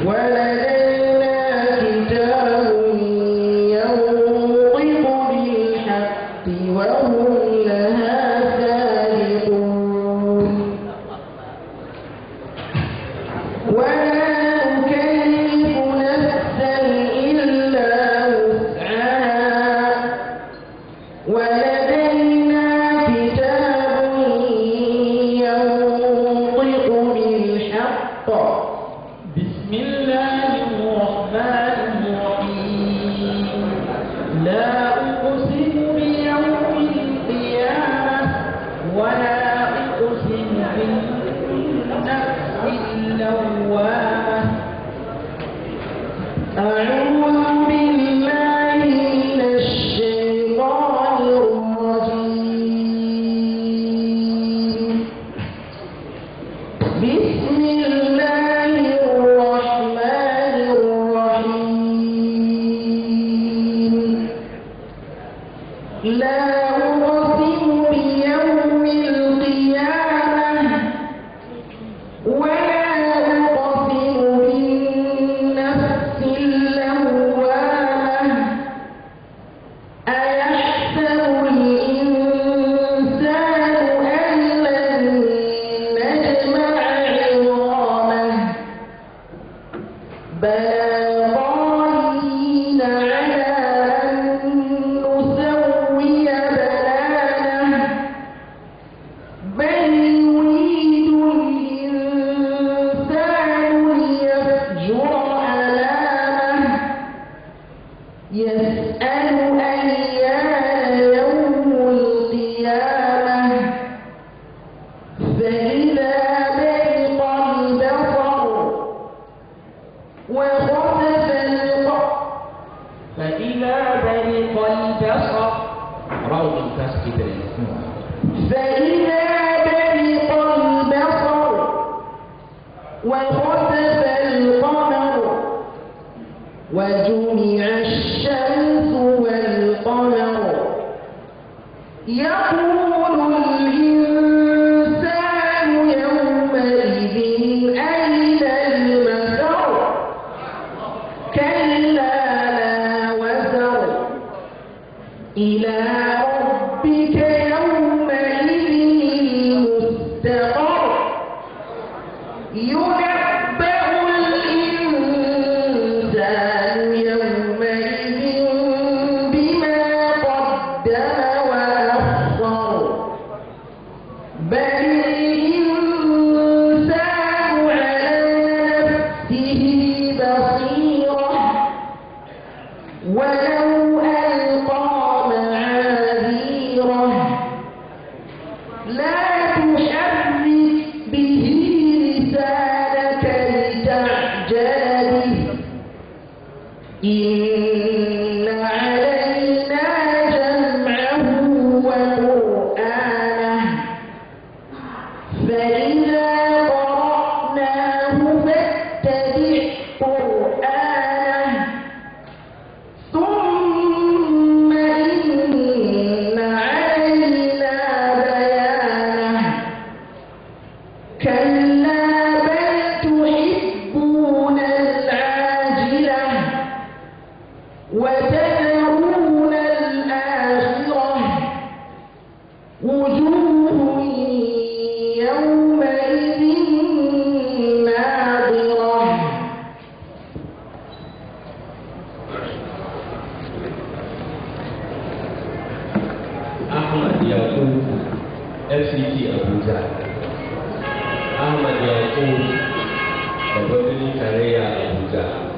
Well, ولا بل وخسف القمر فإذا برق البصر روض الفسق بالإسلام فإذا برق البصر وخسف القمر وجمع الشمس والقمر يقول إله Ahmad Yasin berpendidikan Raya Abuja.